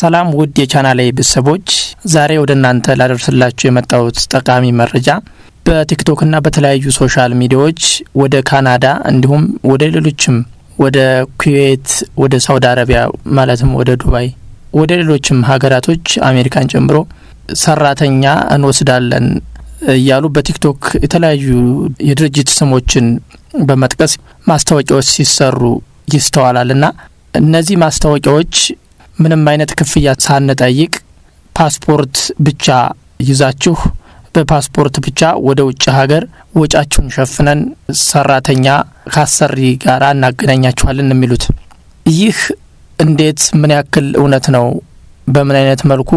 ሰላም ውድ የቻናሌ ቤተሰቦች፣ ዛሬ ወደ እናንተ ላደርስላችሁ የመጣሁት ጠቃሚ መረጃ በቲክቶክና በተለያዩ ሶሻል ሚዲያዎች ወደ ካናዳ እንዲሁም ወደ ሌሎችም ወደ ኩዌት፣ ወደ ሳውዲ አረቢያ ማለትም ወደ ዱባይ፣ ወደ ሌሎችም ሀገራቶች አሜሪካን ጨምሮ ሰራተኛ እንወስዳለን እያሉ በቲክቶክ የተለያዩ የድርጅት ስሞችን በመጥቀስ ማስታወቂያዎች ሲሰሩ ይስተዋላል እና እነዚህ ማስታወቂያዎች ምንም አይነት ክፍያ ሳንጠይቅ ፓስፖርት ብቻ ይዛችሁ በፓስፖርት ብቻ ወደ ውጭ ሀገር ወጫችሁን ሸፍነን ሰራተኛ ካሰሪ ጋር እናገናኛችኋለን የሚሉት ይህ እንዴት ምን ያክል እውነት ነው? በምን አይነት መልኩ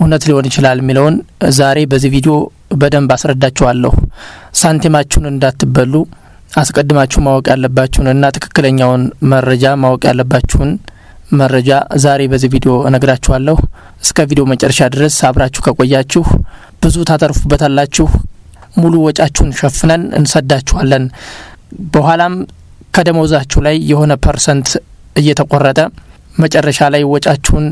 እውነት ሊሆን ይችላል የሚለውን ዛሬ በዚህ ቪዲዮ በደንብ አስረዳችኋለሁ። ሳንቲማችሁን እንዳትበሉ አስቀድማችሁ ማወቅ ያለባችሁን እና ትክክለኛውን መረጃ ማወቅ ያለባችሁን መረጃ ዛሬ በዚህ ቪዲዮ እነግራችኋለሁ። እስከ ቪዲዮ መጨረሻ ድረስ አብራችሁ ከቆያችሁ ብዙ ታተርፉበታላችሁ። ሙሉ ወጫችሁን ሸፍነን እንሰዳችኋለን። በኋላም ከደሞዛችሁ ላይ የሆነ ፐርሰንት እየተቆረጠ መጨረሻ ላይ ወጫችሁን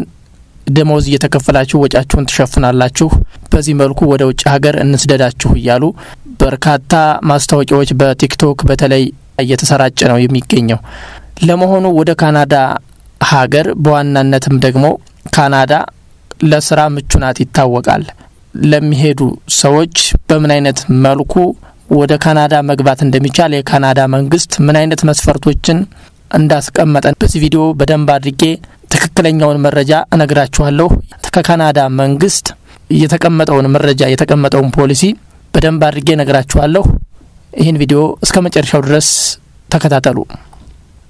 ደሞዝ እየተከፈላችሁ ወጫችሁን ትሸፍናላችሁ። በዚህ መልኩ ወደ ውጭ ሀገር እንስደዳችሁ እያሉ በርካታ ማስታወቂያዎች በቲክቶክ በተለይ እየተሰራጨ ነው የሚገኘው። ለመሆኑ ወደ ካናዳ ሀገር በዋናነትም ደግሞ ካናዳ ለስራ ምቹ ናት ይታወቃል። ለሚሄዱ ሰዎች በምን አይነት መልኩ ወደ ካናዳ መግባት እንደሚቻል የካናዳ መንግስት ምን አይነት መስፈርቶችን እንዳስቀመጠ በዚህ ቪዲዮ በደንብ አድርጌ ትክክለኛውን መረጃ እነግራችኋለሁ። ከካናዳ መንግስት የተቀመጠውን መረጃ የተቀመጠውን ፖሊሲ በደንብ አድርጌ እነግራችኋለሁ። ይህን ቪዲዮ እስከ መጨረሻው ድረስ ተከታተሉ።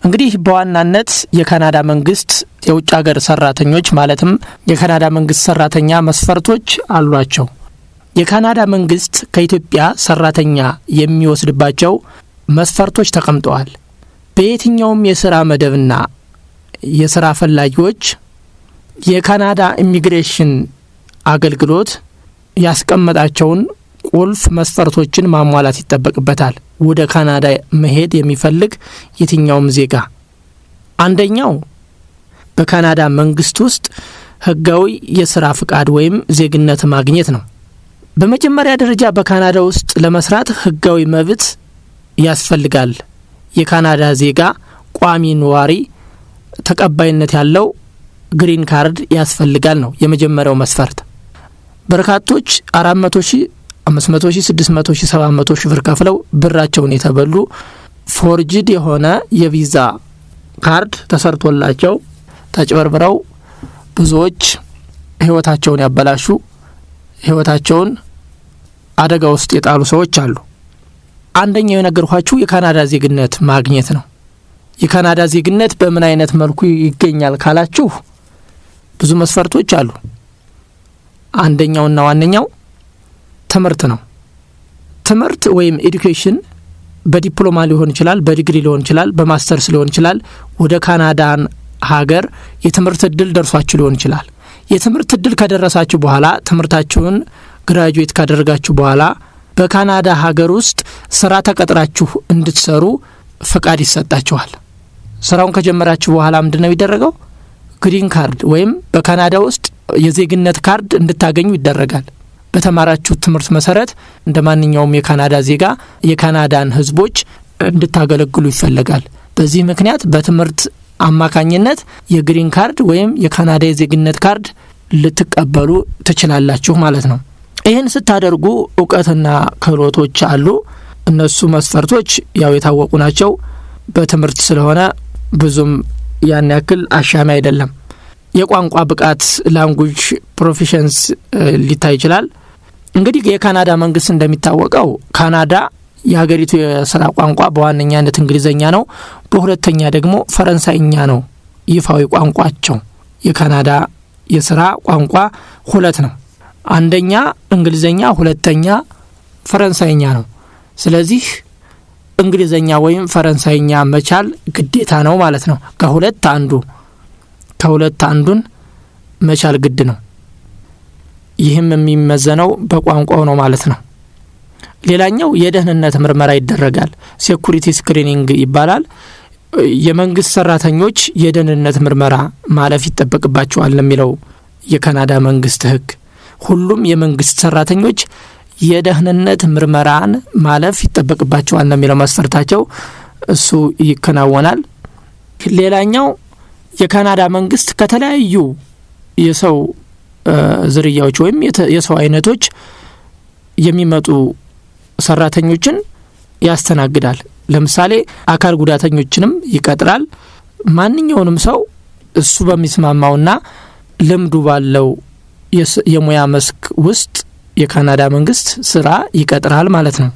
እንግዲህ በዋናነት የካናዳ መንግስት የውጭ ሀገር ሰራተኞች ማለትም የካናዳ መንግስት ሰራተኛ መስፈርቶች አሏቸው። የካናዳ መንግስት ከኢትዮጵያ ሰራተኛ የሚወስድባቸው መስፈርቶች ተቀምጠዋል። በየትኛውም የስራ መደብና የስራ ፈላጊዎች የካናዳ ኢሚግሬሽን አገልግሎት ያስቀመጣቸውን ቁልፍ መስፈርቶችን ማሟላት ይጠበቅበታል። ወደ ካናዳ መሄድ የሚፈልግ የትኛውም ዜጋ አንደኛው በካናዳ መንግስት ውስጥ ህጋዊ የስራ ፍቃድ ወይም ዜግነት ማግኘት ነው። በመጀመሪያ ደረጃ በካናዳ ውስጥ ለመስራት ህጋዊ መብት ያስፈልጋል። የካናዳ ዜጋ ቋሚ ነዋሪ ተቀባይነት ያለው ግሪን ካርድ ያስፈልጋል ነው የመጀመሪያው መስፈርት። በርካቶች አራት መቶ ሺህ አምስት መቶ ሺህ ስድስት መቶ ሺህ ሰባት መቶ ብር ከፍለው ብራቸውን የተበሉ ፎርጅድ የሆነ የቪዛ ካርድ ተሰርቶላቸው ተጭበርብረው ብዙዎች ህይወታቸውን ያበላሹ ህይወታቸውን አደጋ ውስጥ የጣሉ ሰዎች አሉ። አንደኛው የነገርኳችሁ የካናዳ ዜግነት ማግኘት ነው። የካናዳ ዜግነት በምን አይነት መልኩ ይገኛል ካላችሁ ብዙ መስፈርቶች አሉ። አንደኛውና ዋነኛው ትምህርት ነው። ትምህርት ወይም ኤዱኬሽን በዲፕሎማ ሊሆን ይችላል፣ በዲግሪ ሊሆን ይችላል፣ በማስተርስ ሊሆን ይችላል። ወደ ካናዳን ሀገር የትምህርት እድል ደርሷችሁ ሊሆን ይችላል። የትምህርት እድል ከደረሳችሁ በኋላ ትምህርታችሁን ግራጁዌት ካደረጋችሁ በኋላ በካናዳ ሀገር ውስጥ ስራ ተቀጥራችሁ እንድትሰሩ ፈቃድ ይሰጣችኋል። ስራውን ከጀመራችሁ በኋላ ምንድን ነው የሚደረገው? ግሪን ካርድ ወይም በካናዳ ውስጥ የዜግነት ካርድ እንድታገኙ ይደረጋል። በተማራችሁ ትምህርት መሰረት እንደ ማንኛውም የካናዳ ዜጋ የካናዳን ህዝቦች እንድታገለግሉ ይፈለጋል። በዚህ ምክንያት በትምህርት አማካኝነት የግሪን ካርድ ወይም የካናዳ የዜግነት ካርድ ልትቀበሉ ትችላላችሁ ማለት ነው። ይህን ስታደርጉ እውቀትና ክህሎቶች አሉ። እነሱ መስፈርቶች ያው የታወቁ ናቸው። በትምህርት ስለሆነ ብዙም ያን ያክል አሻሚ አይደለም። የቋንቋ ብቃት ላንጉጅ ፕሮፊሽንስ ሊታይ ይችላል። እንግዲህ የካናዳ መንግስት እንደሚታወቀው ካናዳ የሀገሪቱ የስራ ቋንቋ በዋነኛነት እንግሊዘኛ ነው። በሁለተኛ ደግሞ ፈረንሳይኛ ነው ይፋዊ ቋንቋቸው። የካናዳ የስራ ቋንቋ ሁለት ነው። አንደኛ እንግሊዘኛ ሁለተኛ ፈረንሳይኛ ነው። ስለዚህ እንግሊዘኛ ወይም ፈረንሳይኛ መቻል ግዴታ ነው ማለት ነው። ከሁለት አንዱ ከሁለት አንዱን መቻል ግድ ነው። ይህም የሚመዘነው በቋንቋው ነው ማለት ነው። ሌላኛው የደህንነት ምርመራ ይደረጋል። ሴኩሪቲ ስክሪኒንግ ይባላል። የመንግስት ሰራተኞች የደህንነት ምርመራ ማለፍ ይጠበቅባቸዋል የሚለው የካናዳ መንግስት ህግ ሁሉም የመንግስት ሰራተኞች የደህንነት ምርመራን ማለፍ ይጠበቅባቸዋል ነው የሚለው መስፈርታቸው። እሱ ይከናወናል። ሌላኛው የካናዳ መንግስት ከተለያዩ የሰው ዝርያዎች ወይም የሰው አይነቶች የሚመጡ ሰራተኞችን ያስተናግዳል። ለምሳሌ አካል ጉዳተኞችንም ይቀጥራል። ማንኛውንም ሰው እሱ በሚስማማውና ልምዱ ባለው የሙያ መስክ ውስጥ የካናዳ መንግስት ስራ ይቀጥራል ማለት ነው።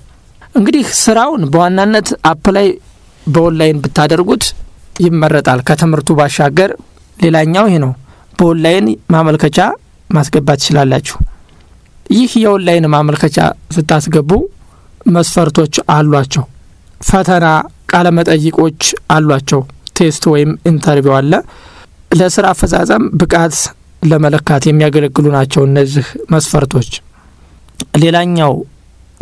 እንግዲህ ስራውን በዋናነት አፕ ላይ በኦንላይን ብታደርጉት ይመረጣል። ከትምህርቱ ባሻገር ሌላኛው ይሄ ነው። በኦንላይን ማመልከቻ ማስገባት ትችላላችሁ። ይህ የኦንላይን ማመልከቻ ስታስገቡ መስፈርቶች አሏቸው። ፈተና፣ ቃለመጠይቆች አሏቸው። ቴስት ወይም ኢንተርቪው አለ። ለስራ አፈጻጸም ብቃት ለመለካት የሚያገለግሉ ናቸው እነዚህ መስፈርቶች። ሌላኛው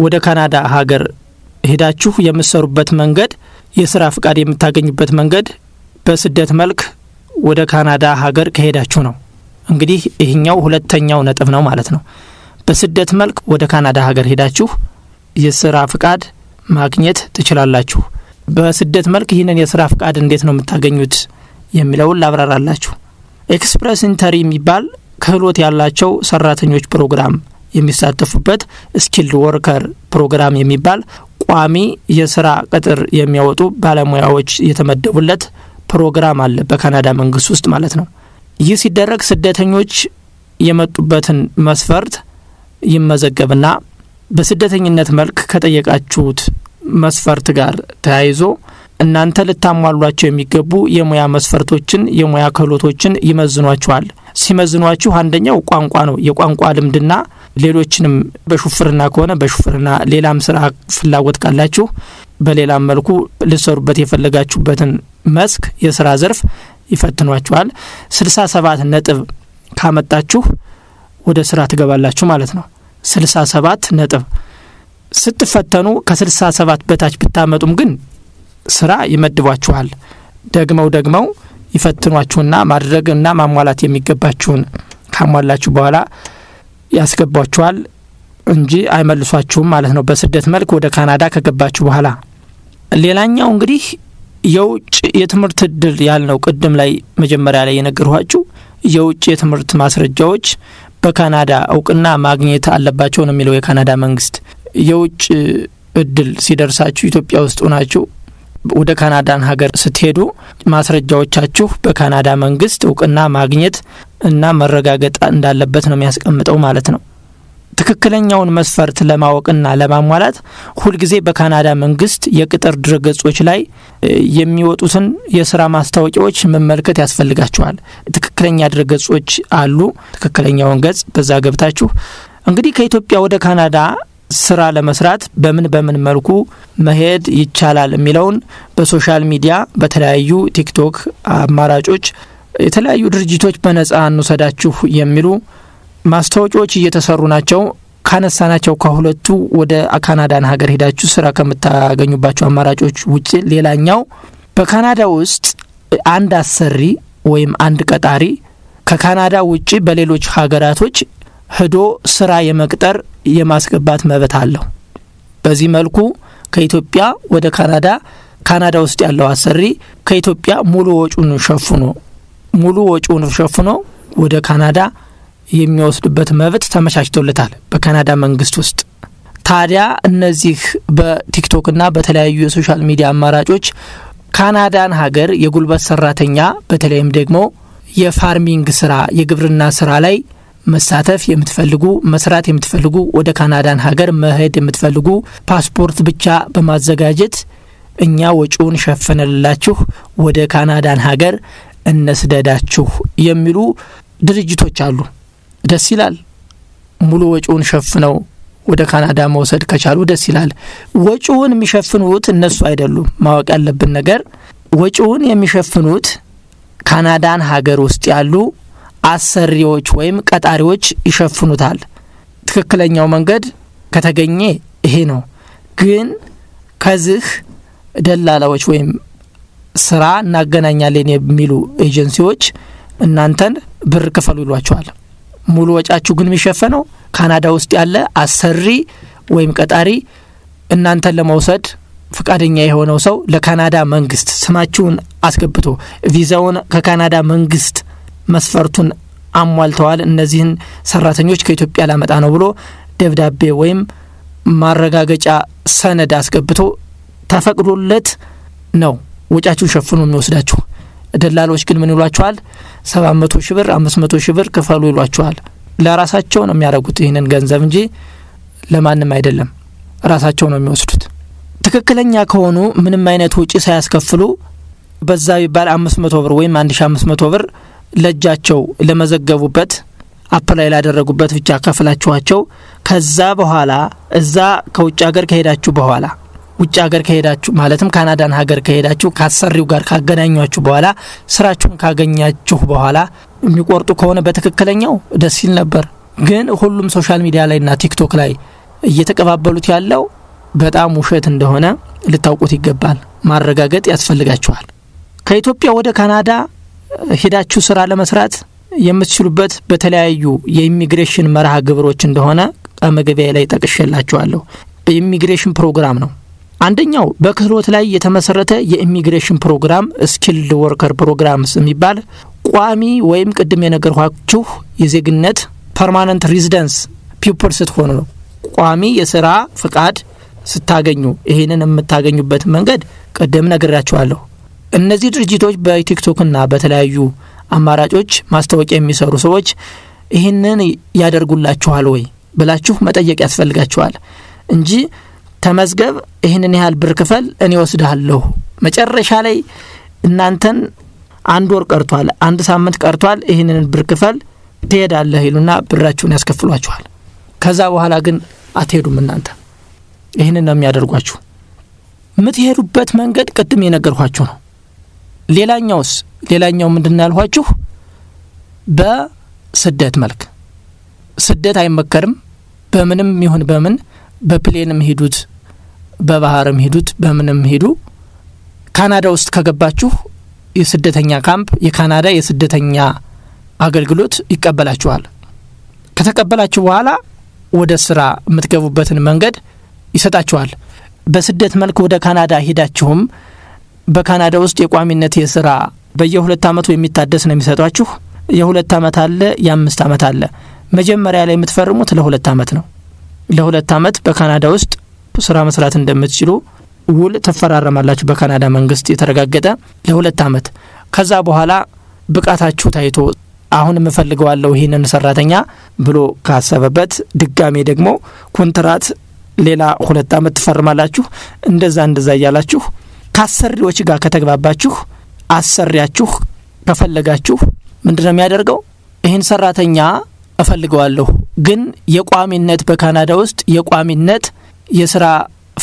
ወደ ካናዳ ሀገር ሄዳችሁ የምትሰሩበት መንገድ፣ የስራ ፍቃድ የምታገኙበት መንገድ በስደት መልክ ወደ ካናዳ ሀገር ከሄዳችሁ ነው። እንግዲህ ይህኛው ሁለተኛው ነጥብ ነው ማለት ነው። በስደት መልክ ወደ ካናዳ ሀገር ሄዳችሁ የስራ ፍቃድ ማግኘት ትችላላችሁ። በስደት መልክ ይህንን የስራ ፍቃድ እንዴት ነው የምታገኙት የሚለውን ላብራራላችሁ። ኤክስፕረስ ኢንተሪ የሚባል ክህሎት ያላቸው ሰራተኞች ፕሮግራም የሚሳተፉበት ስኪልድ ወርከር ፕሮግራም የሚባል ቋሚ የስራ ቅጥር የሚያወጡ ባለሙያዎች የተመደቡለት ፕሮግራም አለ በካናዳ መንግስት ውስጥ ማለት ነው። ይህ ሲደረግ ስደተኞች የመጡበትን መስፈርት ይመዘገብና በስደተኝነት መልክ ከጠየቃችሁት መስፈርት ጋር ተያይዞ እናንተ ልታሟሏቸው የሚገቡ የሙያ መስፈርቶችን የሙያ ክህሎቶችን ይመዝኗችኋል። ሲመዝኗችሁ አንደኛው ቋንቋ ነው፣ የቋንቋ ልምድና ሌሎችንም በሹፍርና ከሆነ በሹፍርና ሌላም ስራ ፍላጎት ካላችሁ በሌላም መልኩ ልሰሩበት የፈለጋችሁበትን መስክ የስራ ዘርፍ ይፈትኗችኋል። ስልሳ ሰባት ነጥብ ካመጣችሁ ወደ ስራ ትገባላችሁ ማለት ነው። ስልሳ ሰባት ነጥብ ስትፈተኑ ከስልሳ ሰባት በታች ብታመጡም ግን ስራ ይመድቧችኋል። ደግመው ደግመው ይፈትኗችሁና ማድረግና ማሟላት የሚገባችሁን ካሟላችሁ በኋላ ያስገቧችኋል እንጂ አይመልሷችሁም ማለት ነው። በስደት መልክ ወደ ካናዳ ከገባችሁ በኋላ ሌላኛው እንግዲህ የውጭ የትምህርት እድል ያልነው ቅድም ላይ መጀመሪያ ላይ የነገርኋችሁ የውጭ የትምህርት ማስረጃዎች በካናዳ እውቅና ማግኘት አለባቸው ነው የሚለው የካናዳ መንግስት። የውጭ እድል ሲደርሳችሁ ኢትዮጵያ ውስጥ ሆናችሁ ወደ ካናዳን ሀገር ስትሄዱ ማስረጃዎቻችሁ በካናዳ መንግስት እውቅና ማግኘት እና መረጋገጥ እንዳለበት ነው የሚያስቀምጠው ማለት ነው። ትክክለኛውን መስፈርት ለማወቅና ለማሟላት ሁልጊዜ በካናዳ መንግስት የቅጥር ድረገጾች ላይ የሚወጡትን የስራ ማስታወቂያዎች መመልከት ያስፈልጋቸዋል። ትክክለኛ ድረገጾች አሉ። ትክክለኛውን ገጽ በዛ ገብታችሁ እንግዲህ ከኢትዮጵያ ወደ ካናዳ ስራ ለመስራት በምን በምን መልኩ መሄድ ይቻላል የሚለውን በሶሻል ሚዲያ በተለያዩ ቲክቶክ አማራጮች የተለያዩ ድርጅቶች በነጻ እንውሰዳችሁ የሚሉ ማስታወቂያዎች እየተሰሩ ናቸው። ካነሳናቸው ከሁለቱ ወደ ካናዳን ሀገር ሄዳችሁ ስራ ከምታገኙባቸው አማራጮች ውጭ ሌላኛው በካናዳ ውስጥ አንድ አሰሪ ወይም አንድ ቀጣሪ ከካናዳ ውጭ በሌሎች ሀገራቶች ህዶ ስራ የመቅጠር የማስገባት መብት አለው። በዚህ መልኩ ከኢትዮጵያ ወደ ካናዳ ካናዳ ውስጥ ያለው አሰሪ ከኢትዮጵያ ሙሉ ወጪውን ሸፍኖ ሙሉ ወጪውን ሸፍኖ ወደ ካናዳ የሚወስድበት መብት ተመቻችቶለታል በካናዳ መንግስት ውስጥ። ታዲያ እነዚህ በቲክቶክና በተለያዩ የሶሻል ሚዲያ አማራጮች ካናዳን ሀገር የጉልበት ሰራተኛ በተለይም ደግሞ የፋርሚንግ ስራ የግብርና ስራ ላይ መሳተፍ የምትፈልጉ መስራት የምትፈልጉ ወደ ካናዳን ሀገር መሄድ የምትፈልጉ ፓስፖርት ብቻ በማዘጋጀት እኛ ወጪውን ሸፍንላችሁ ወደ ካናዳን ሀገር እነስደዳችሁ የሚሉ ድርጅቶች አሉ። ደስ ይላል። ሙሉ ወጪውን ሸፍነው ወደ ካናዳ መውሰድ ከቻሉ ደስ ይላል። ወጪውን የሚሸፍኑት እነሱ አይደሉም። ማወቅ ያለብን ነገር ወጪውን የሚሸፍኑት ካናዳን ሀገር ውስጥ ያሉ አሰሪዎች ወይም ቀጣሪዎች ይሸፍኑታል። ትክክለኛው መንገድ ከተገኘ ይሄ ነው። ግን ከዚህ ደላላዎች ወይም ስራ እናገናኛለን የሚሉ ኤጀንሲዎች እናንተን ብር ክፈሉ ይሏቸዋል። ሙሉ ወጫችሁ ግን የሚሸፈነው ካናዳ ውስጥ ያለ አሰሪ ወይም ቀጣሪ እናንተን ለመውሰድ ፈቃደኛ የሆነው ሰው ለካናዳ መንግስት ስማችሁን አስገብቶ ቪዛውን ከካናዳ መንግስት መስፈርቱን አሟልተዋል፣ እነዚህን ሰራተኞች ከኢትዮጵያ ላመጣ ነው ብሎ ደብዳቤ ወይም ማረጋገጫ ሰነድ አስገብቶ ተፈቅዶለት ነው ወጫችሁን ሸፍኖ የሚወስዳችሁ። ደላሎች ግን ምን ይሏችኋል? ሰባት መቶ ሺ ብር አምስት መቶ ሺ ብር ክፈሉ ይሏቸዋል። ለራሳቸው ነው የሚያደርጉት ይህንን ገንዘብ እንጂ ለማንም አይደለም። ራሳቸው ነው የሚወስዱት። ትክክለኛ ከሆኑ ምንም አይነት ውጪ ሳያስከፍሉ በዛ ቢባል አምስት መቶ ብር ወይም አንድ ሺ አምስት መቶ ብር ለእጃቸው ለመዘገቡበት አፕላይ ላደረጉበት ብቻ ከፍላችኋቸው ከዛ በኋላ እዛ ከውጭ ሀገር ከሄዳችሁ በኋላ ውጭ ሀገር ከሄዳችሁ ማለትም ካናዳን ሀገር ከሄዳችሁ ከአሰሪው ጋር ካገናኟችሁ በኋላ ስራችሁን ካገኛችሁ በኋላ የሚቆርጡ ከሆነ በትክክለኛው ደስ ሲል ነበር። ግን ሁሉም ሶሻል ሚዲያ ላይና ቲክቶክ ላይ እየተቀባበሉት ያለው በጣም ውሸት እንደሆነ ልታውቁት ይገባል። ማረጋገጥ ያስፈልጋችኋል። ከኢትዮጵያ ወደ ካናዳ ሄዳችሁ ስራ ለመስራት የምትችሉበት በተለያዩ የኢሚግሬሽን መርሃ ግብሮች እንደሆነ ቀመገቢያ ላይ ጠቅሼላችኋለሁ። በኢሚግሬሽን ፕሮግራም ነው። አንደኛው በክህሎት ላይ የተመሰረተ የኢሚግሬሽን ፕሮግራም ስኪልድ ወርከር ፕሮግራምስ የሚባል ቋሚ ወይም ቅድም የነገርኳችሁ የዜግነት ፐርማነንት ሬዚደንስ ፒፕል ስትሆኑ ነው። ቋሚ የስራ ፍቃድ ስታገኙ ይህንን የምታገኙበት መንገድ ቅድም ነግራችኋለሁ። እነዚህ ድርጅቶች በቲክቶክና በተለያዩ አማራጮች ማስታወቂያ የሚሰሩ ሰዎች ይህንን ያደርጉላችኋል ወይ ብላችሁ መጠየቅ ያስፈልጋችኋል እንጂ ተመዝገብ፣ ይህንን ያህል ብር ክፈል፣ እኔ ወስድሃለሁ። መጨረሻ ላይ እናንተን አንድ ወር ቀርቷል፣ አንድ ሳምንት ቀርቷል፣ ይህንን ብር ክፈል ትሄዳለህ ይሉና ብራችሁን ያስከፍሏችኋል። ከዛ በኋላ ግን አትሄዱም። እናንተ ይህንን ነው የሚያደርጓችሁ። የምትሄዱበት መንገድ ቅድም የነገርኳችሁ ነው። ሌላኛውስ ሌላኛው ምንድን ያልኋችሁ በስደት መልክ ስደት አይመከርም። በምንም ይሁን በምን በፕሌንም ሂዱት በባህርም ሂዱት በምንም ሂዱ ካናዳ ውስጥ ከገባችሁ የስደተኛ ካምፕ የካናዳ የስደተኛ አገልግሎት ይቀበላችኋል። ከተቀበላችሁ በኋላ ወደ ስራ የምትገቡበትን መንገድ ይሰጣችኋል። በስደት መልክ ወደ ካናዳ ሄዳችሁም በካናዳ ውስጥ የቋሚነት የስራ በየሁለት አመቱ የሚታደስ ነው የሚሰጧችሁ። የሁለት አመት አለ፣ የአምስት አመት አለ። መጀመሪያ ላይ የምትፈርሙት ለሁለት አመት ነው። ለሁለት አመት በካናዳ ውስጥ ስራ መስራት እንደምትችሉ ውል ትፈራረማላችሁ በካናዳ መንግስት የተረጋገጠ ለሁለት አመት። ከዛ በኋላ ብቃታችሁ ታይቶ አሁን የምፈልገዋለሁ ይህንን ሰራተኛ ብሎ ካሰበበት ድጋሜ ደግሞ ኮንትራት ሌላ ሁለት አመት ትፈርማላችሁ። እንደዛ እንደዛ እያላችሁ ከአሰሪዎች ጋር ከተግባባችሁ አሰሪያችሁ ከፈለጋችሁ ምንድን ነው የሚያደርገው? ይህን ሰራተኛ እፈልገዋለሁ፣ ግን የቋሚነት በካናዳ ውስጥ የቋሚነት የስራ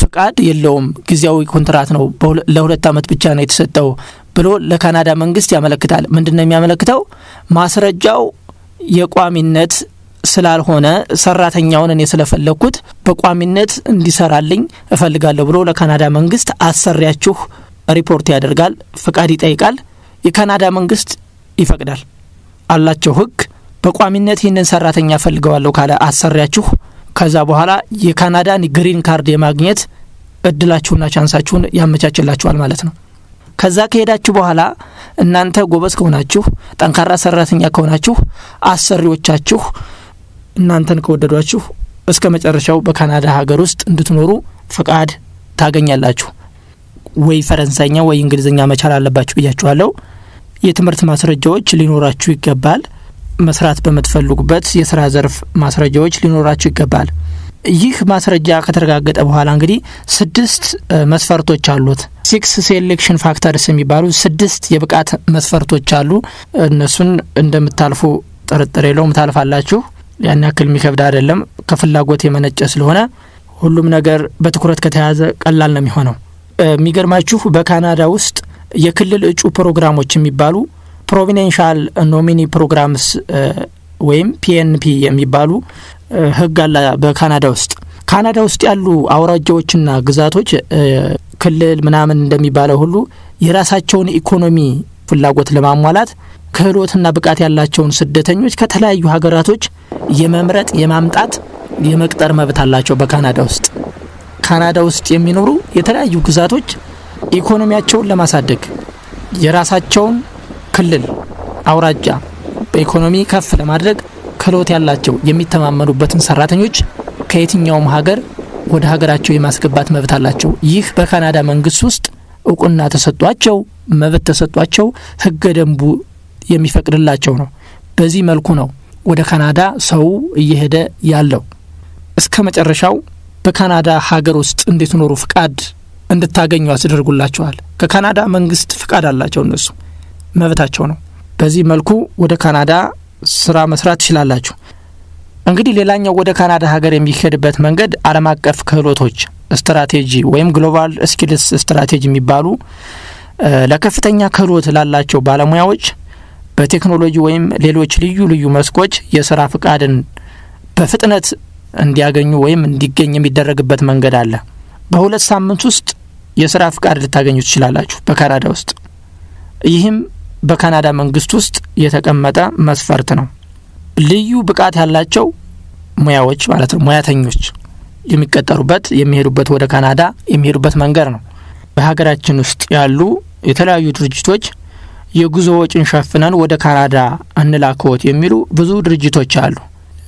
ፍቃድ የለውም፣ ጊዜያዊ ኮንትራት ነው፣ ለሁለት ዓመት ብቻ ነው የተሰጠው ብሎ ለካናዳ መንግስት ያመለክታል። ምንድን ነው የሚያመለክተው? ማስረጃው የቋሚነት ስላልሆነ ሰራተኛውን እኔ ስለፈለግኩት በቋሚነት እንዲሰራልኝ እፈልጋለሁ ብሎ ለካናዳ መንግስት አሰሪያችሁ ሪፖርት ያደርጋል፣ ፍቃድ ይጠይቃል። የካናዳ መንግስት ይፈቅዳል አላቸው ህግ። በቋሚነት ይህንን ሰራተኛ ፈልገዋለሁ ካለ አሰሪያችሁ ከዛ በኋላ የካናዳን ግሪን ካርድ የማግኘት እድላችሁና ቻንሳችሁን ያመቻችላችኋል ማለት ነው። ከዛ ከሄዳችሁ በኋላ እናንተ ጎበዝ ከሆናችሁ፣ ጠንካራ ሰራተኛ ከሆናችሁ አሰሪዎቻችሁ እናንተን ከወደዷችሁ እስከ መጨረሻው በካናዳ ሀገር ውስጥ እንድትኖሩ ፍቃድ ታገኛላችሁ። ወይ ፈረንሳይኛ ወይ እንግሊዝኛ መቻል አለባችሁ ብያችኋለሁ። የትምህርት ማስረጃዎች ሊኖራችሁ ይገባል። መስራት በምትፈልጉበት የስራ ዘርፍ ማስረጃዎች ሊኖራቸው ይገባል። ይህ ማስረጃ ከተረጋገጠ በኋላ እንግዲህ ስድስት መስፈርቶች አሉት። ሲክስ ሴሌክሽን ፋክተርስ የሚባሉ ስድስት የብቃት መስፈርቶች አሉ። እነሱን እንደምታልፉ ጥርጥር የለውም፣ ታልፋላችሁ። ያን ያክል የሚከብድ አይደለም። ከፍላጎት የመነጨ ስለሆነ ሁሉም ነገር በትኩረት ከተያዘ ቀላል ነው የሚሆነው። የሚገርማችሁ በካናዳ ውስጥ የክልል እጩ ፕሮግራሞች የሚባሉ ፕሮቪደንሻል ኖሚኒ ፕሮግራምስ ወይም ፒኤንፒ የሚባሉ ህግ አለ በካናዳ ውስጥ። ካናዳ ውስጥ ያሉ አውራጃዎችና ግዛቶች ክልል ምናምን እንደሚባለው ሁሉ የራሳቸውን ኢኮኖሚ ፍላጎት ለማሟላት ክህሎትና ብቃት ያላቸውን ስደተኞች ከተለያዩ ሀገራቶች የመምረጥ የማምጣት፣ የመቅጠር መብት አላቸው በካናዳ ውስጥ። ካናዳ ውስጥ የሚኖሩ የተለያዩ ግዛቶች ኢኮኖሚያቸውን ለማሳደግ የራሳቸውን ክልል፣ አውራጃ በኢኮኖሚ ከፍ ለማድረግ ክህሎት ያላቸው የሚተማመኑበትን ሰራተኞች ከየትኛውም ሀገር ወደ ሀገራቸው የማስገባት መብት አላቸው። ይህ በካናዳ መንግስት ውስጥ እውቅና ተሰጧቸው፣ መብት ተሰጧቸው፣ ህገ ደንቡ የሚፈቅድላቸው ነው። በዚህ መልኩ ነው ወደ ካናዳ ሰው እየሄደ ያለው። እስከ መጨረሻው በካናዳ ሀገር ውስጥ እንድትኖሩ ፍቃድ እንድታገኙ አስደርጉላቸዋል? ከካናዳ መንግስት ፍቃድ አላቸው እነሱ መብታቸው ነው። በዚህ መልኩ ወደ ካናዳ ስራ መስራት ትችላላችሁ። እንግዲህ ሌላኛው ወደ ካናዳ ሀገር የሚሄድበት መንገድ ዓለም አቀፍ ክህሎቶች ስትራቴጂ ወይም ግሎባል ስኪልስ ስትራቴጂ የሚባሉ ለከፍተኛ ክህሎት ላላቸው ባለሙያዎች በቴክኖሎጂ ወይም ሌሎች ልዩ ልዩ መስኮች የስራ ፍቃድን በፍጥነት እንዲያገኙ ወይም እንዲገኝ የሚደረግበት መንገድ አለ። በሁለት ሳምንት ውስጥ የስራ ፍቃድ ልታገኙ ትችላላችሁ በካናዳ ውስጥ ይህም በካናዳ መንግስት ውስጥ የተቀመጠ መስፈርት ነው። ልዩ ብቃት ያላቸው ሙያዎች ማለት ነው ሙያተኞች የሚቀጠሩበት የሚሄዱበት ወደ ካናዳ የሚሄዱበት መንገድ ነው። በሀገራችን ውስጥ ያሉ የተለያዩ ድርጅቶች የጉዞ ወጪን ሸፍነን ወደ ካናዳ እንላክዎት የሚሉ ብዙ ድርጅቶች አሉ።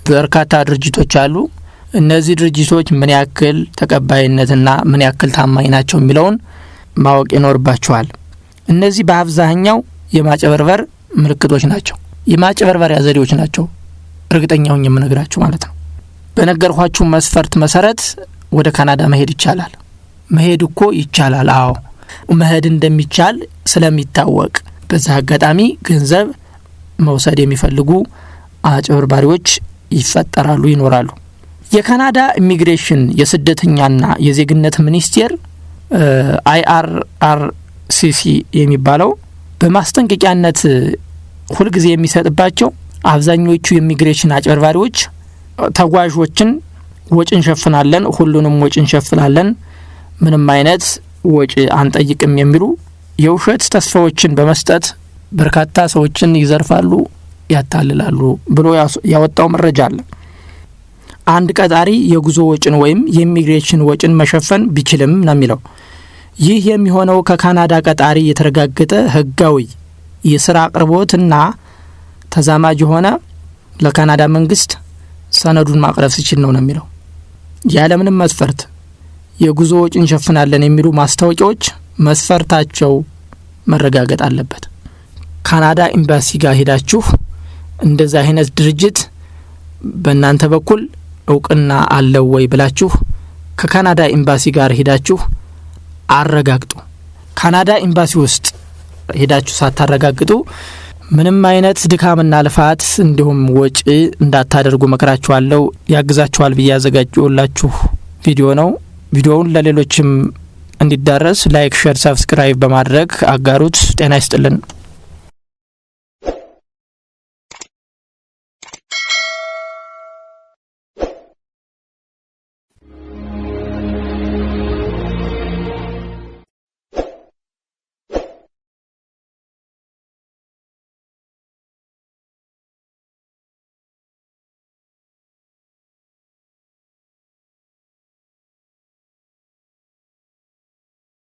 በርካታ ድርጅቶች አሉ። እነዚህ ድርጅቶች ምን ያክል ተቀባይነትና ምን ያክል ታማኝ ናቸው የሚለውን ማወቅ ይኖርባቸዋል። እነዚህ በአብዛኛው የማጨበርበር ምልክቶች ናቸው፣ የማጨበርበሪያ ዘዴዎች ናቸው። እርግጠኛውን የምነግራችሁ ማለት ነው። በነገርኳችሁ መስፈርት መሰረት ወደ ካናዳ መሄድ ይቻላል። መሄድ እኮ ይቻላል። አዎ መሄድ እንደሚቻል ስለሚታወቅ በዛ አጋጣሚ ገንዘብ መውሰድ የሚፈልጉ አጭበርባሪዎች ይፈጠራሉ፣ ይኖራሉ። የካናዳ ኢሚግሬሽን የስደተኛና የዜግነት ሚኒስቴር አይአርአርሲሲ የሚባለው በማስጠንቀቂያነት ሁልጊዜ የሚሰጥባቸው አብዛኞቹ የኢሚግሬሽን አጭበርባሪዎች ተጓዦችን ወጪ እንሸፍናለን፣ ሁሉንም ወጪ እንሸፍናለን፣ ምንም አይነት ወጪ አንጠይቅም የሚሉ የውሸት ተስፋዎችን በመስጠት በርካታ ሰዎችን ይዘርፋሉ፣ ያታልላሉ ብሎ ያወጣው መረጃ አለ። አንድ ቀጣሪ የጉዞ ወጭን ወይም የኢሚግሬሽን ወጭን መሸፈን ቢችልም ነው የሚለው ይህ የሚሆነው ከካናዳ ቀጣሪ የተረጋገጠ ህጋዊ የስራ አቅርቦትና ተዛማጅ የሆነ ለካናዳ መንግስት ሰነዱን ማቅረብ ሲችል ነው ነው የሚለው ያለምንም መስፈርት የጉዞ ወጪ እንሸፍናለን የሚሉ ማስታወቂያዎች መስፈርታቸው መረጋገጥ አለበት። ካናዳ ኤምባሲ ጋር ሄዳችሁ እንደዚህ አይነት ድርጅት በእናንተ በኩል እውቅና አለው ወይ ብላችሁ ከካናዳ ኤምባሲ ጋር ሄዳችሁ አረጋግጡ። ካናዳ ኤምባሲ ውስጥ ሄዳችሁ ሳታረጋግጡ ምንም አይነት ድካምና ልፋት እንዲሁም ወጪ እንዳታደርጉ መክራችኋለሁ። ያግዛችኋል ብዬ ያዘጋጀሁላችሁ ቪዲዮ ነው። ቪዲዮውን ለሌሎችም እንዲዳረስ ላይክ፣ ሼር፣ ሰብስክራይብ በማድረግ አጋሩት። ጤና ይስጥልን።